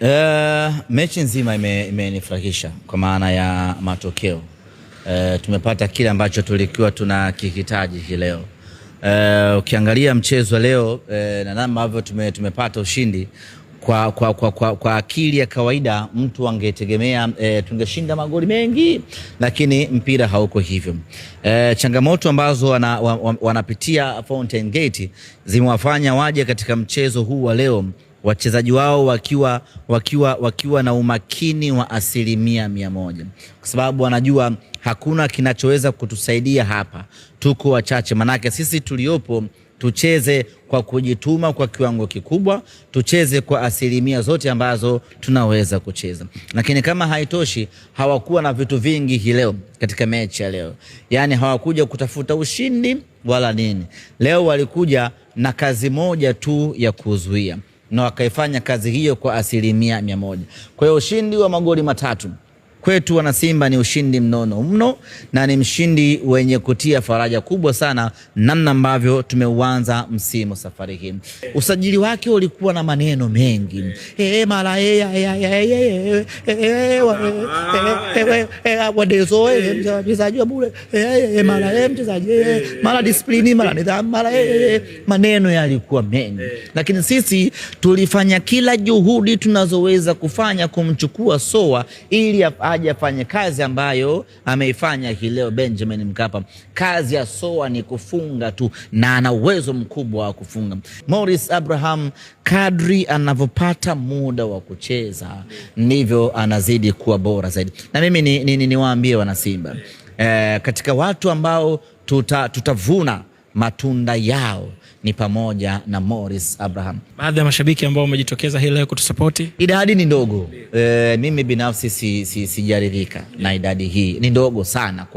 Uh, mechi nzima imenifurahisha ime kwa maana ya matokeo. Uh, tumepata kile ambacho tulikuwa tuna hii leo. Uh, ukiangalia mchezo leo uh, na namna ambavyo tume, tumepata ushindi kwa, kwa, kwa, kwa, kwa akili ya kawaida mtu angetegemea e, tungeshinda magoli mengi, lakini mpira hauko hivyo. E, changamoto ambazo wana, wanapitia Fountain Gate zimewafanya waje katika mchezo huu wa leo wachezaji wao wakiwa, wakiwa, wakiwa na umakini wa asilimia mia moja kwa sababu wanajua hakuna kinachoweza kutusaidia hapa, tuko wachache. Manake sisi tuliopo tucheze kwa kujituma kwa kiwango kikubwa, tucheze kwa asilimia zote ambazo tunaweza kucheza. Lakini kama haitoshi, hawakuwa na vitu vingi hii leo katika mechi ya leo, yaani hawakuja kutafuta ushindi wala nini. Leo walikuja na kazi moja tu ya kuzuia na wakaifanya kazi hiyo kwa asilimia mia moja. Kwa hiyo ushindi wa magoli matatu kwetu wanasimba ni ushindi mnono mno na ni mshindi wenye kutia faraja kubwa sana, namna ambavyo tumeuanza msimu safari hii. Usajili wake ulikuwa na maneno mengi, mara mara disiplini, mara nidhamu, mara maneno yalikuwa mengi, lakini sisi tulifanya kila juhudi tunazoweza kufanya kumchukua Soa ili aje afanye kazi ambayo ameifanya hii leo Benjamin Mkapa. Kazi ya Soa ni kufunga tu, na ana uwezo mkubwa wa kufunga. Morris Abraham, kadri anavyopata muda wa kucheza ndivyo anazidi kuwa bora zaidi. Na mimi niwaambie ni, ni, ni wanasimba eh, katika watu ambao tuta, tutavuna matunda yao ni pamoja na Morris Abraham. Baadhi ya mashabiki ambao wamejitokeza hii leo kutusapoti, idadi ni ndogo e, mimi binafsi sijaridhika si, si na idadi hii, ni ndogo sana kwa